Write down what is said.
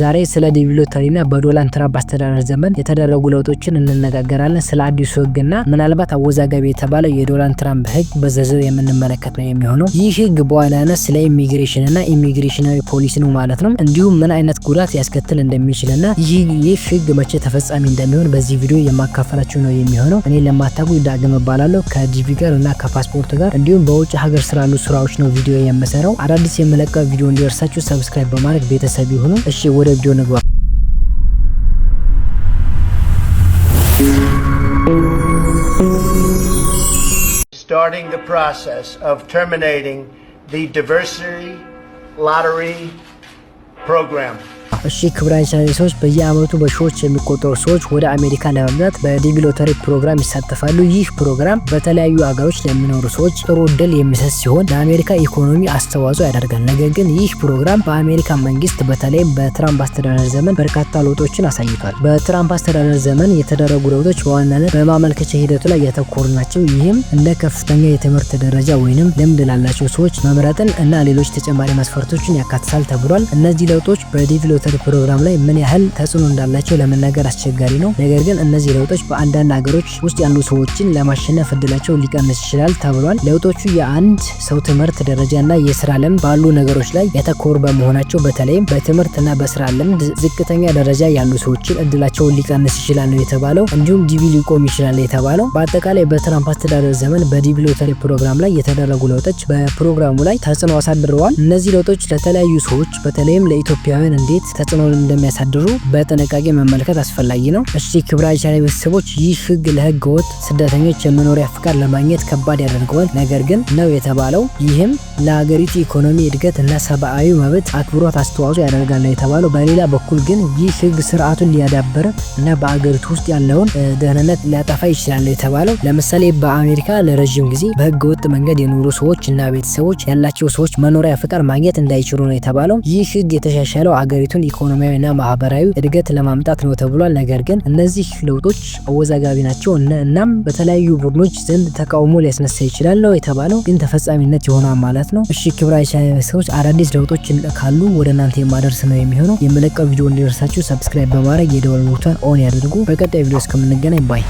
ዛሬ ስለ ዲቪሎተሪና በዶናልድ ትራምፕ አስተዳደር ዘመን የተደረጉ ለውጦችን እንነጋገራለን። ስለ አዲሱ ህግና ምናልባት አወዛጋቢ የተባለው የዶናልድ ትራምፕ ህግ በዝርዝር የምንመለከት ነው የሚሆነው። ይህ ህግ በዋናነት ስለ ኢሚግሬሽንና ኢሚግሬሽናዊ ፖሊሲ ነው ማለት ነው። እንዲሁም ምን አይነት ጉዳት ሊያስከትል እንደሚችልና ይህ ህግ መቼ ተፈጻሚ እንደሚሆን በዚህ ቪዲዮ የማካፈላችሁ ነው የሚሆነው። እኔ ለማታጉ ዳግም እባላለሁ ከዲቪ ጋር እና ከፓስፖርት ጋር እንዲሁም በውጭ ሀገር ስላሉ ስራዎች ነው ቪዲዮ የምሰራው። አዳዲስ የምለቀው ቪዲዮ እንዲደርሳችሁ ሰብስክራይብ በማድረግ ቤተሰብ ይሁኑ። እሺ would have done starting the process of terminating the diversity lottery program. እሺ ክቡራን ቻናል ሰዎች በየአመቱ በሺዎች የሚቆጠሩ ሰዎች ወደ አሜሪካ ለመምጣት በዲቪ ሎተሪ ፕሮግራም ይሳተፋሉ። ይህ ፕሮግራም በተለያዩ አገሮች ለሚኖሩ ሰዎች ጥሩ እድል የሚሰጥ ሲሆን ለአሜሪካ ኢኮኖሚ አስተዋጽኦ ያደርጋል። ነገር ግን ይህ ፕሮግራም በአሜሪካ መንግስት በተለይም በትራምፕ አስተዳደር ዘመን በርካታ ለውጦችን አሳይቷል። በትራምፕ አስተዳደር ዘመን የተደረጉ ለውጦች በዋናነት በማመልከቻ ሂደቱ ላይ ያተኮሩ ናቸው። ይህም እንደ ከፍተኛ የትምህርት ደረጃ ወይንም ልምድ ላላቸው ሰዎች መምረጥን እና ሌሎች ተጨማሪ መስፈርቶችን ያካትታል ተብሏል። እነዚህ ለውጦች በዲቪ ሎተሪ በሚከተሉ ፕሮግራም ላይ ምን ያህል ተጽዕኖ እንዳላቸው ለመናገር አስቸጋሪ ነው። ነገር ግን እነዚህ ለውጦች በአንዳንድ ሀገሮች ውስጥ ያሉ ሰዎችን ለማሸነፍ እድላቸው ሊቀንስ ይችላል ተብሏል። ለውጦቹ የአንድ ሰው ትምህርት ደረጃና የስራ ልምድ ባሉ ነገሮች ላይ ያተኮሩ በመሆናቸው በተለይም በትምህርትና በስራ ልምድ ዝቅተኛ ደረጃ ያሉ ሰዎችን እድላቸውን ሊቀንስ ይችላል ነው የተባለው። እንዲሁም ዲቪ ሊቆም ይችላል የተባለው። በአጠቃላይ በትራምፕ አስተዳደር ዘመን በዲቪ ሎተሪ ፕሮግራም ላይ የተደረጉ ለውጦች በፕሮግራሙ ላይ ተጽዕኖ አሳድረዋል። እነዚህ ለውጦች ለተለያዩ ሰዎች በተለይም ለኢትዮጵያውያን እንዴት ተጽዕኖ እንደሚያሳድሩ በጥንቃቄ መመልከት አስፈላጊ ነው። እሺ ክብራ ቻናል ቤተሰቦች፣ ይህ ህግ ለህገ ወጥ ስደተኞች የመኖሪያ ፍቃድ ለማግኘት ከባድ ያደርገዋል፣ ነገር ግን ነው የተባለው። ይህም ለሀገሪቱ ኢኮኖሚ እድገት እና ሰብአዊ መብት አክብሮት አስተዋጽኦ ያደርጋል ነው የተባለው። በሌላ በኩል ግን ይህ ህግ ስርዓቱን ሊያዳብር እና በአገሪቱ ውስጥ ያለውን ደህንነት ሊያጠፋ ይችላል የተባለው። ለምሳሌ በአሜሪካ ለረዥም ጊዜ በህገ ወጥ መንገድ የኖሩ ሰዎች እና ቤተሰቦች ያላቸው ሰዎች መኖሪያ ፍቃድ ማግኘት እንዳይችሉ ነው የተባለው። ይህ ህግ የተሻሻለው አገሪቱን ኢኮኖሚያዊና ማህበራዊ እድገት ለማምጣት ነው ተብሏል። ነገር ግን እነዚህ ለውጦች አወዛጋቢ ናቸው እናም በተለያዩ ቡድኖች ዘንድ ተቃውሞ ሊያስነሳ ይችላል ነው የተባለው። ግን ተፈጻሚነት ይሆናል ማለት ነው። እሺ ክብራ ሰዎች አዳዲስ ለውጦች ካሉ ወደ እናንተ የማደርስ ነው የሚሆነው። የምለቀው ቪዲዮ እንዲደርሳችሁ ሰብስክራይብ በማድረግ የደወል ቡቷን ኦን ያደርጉ። በቀጣይ ቪዲዮ እስከምንገናኝ ባይ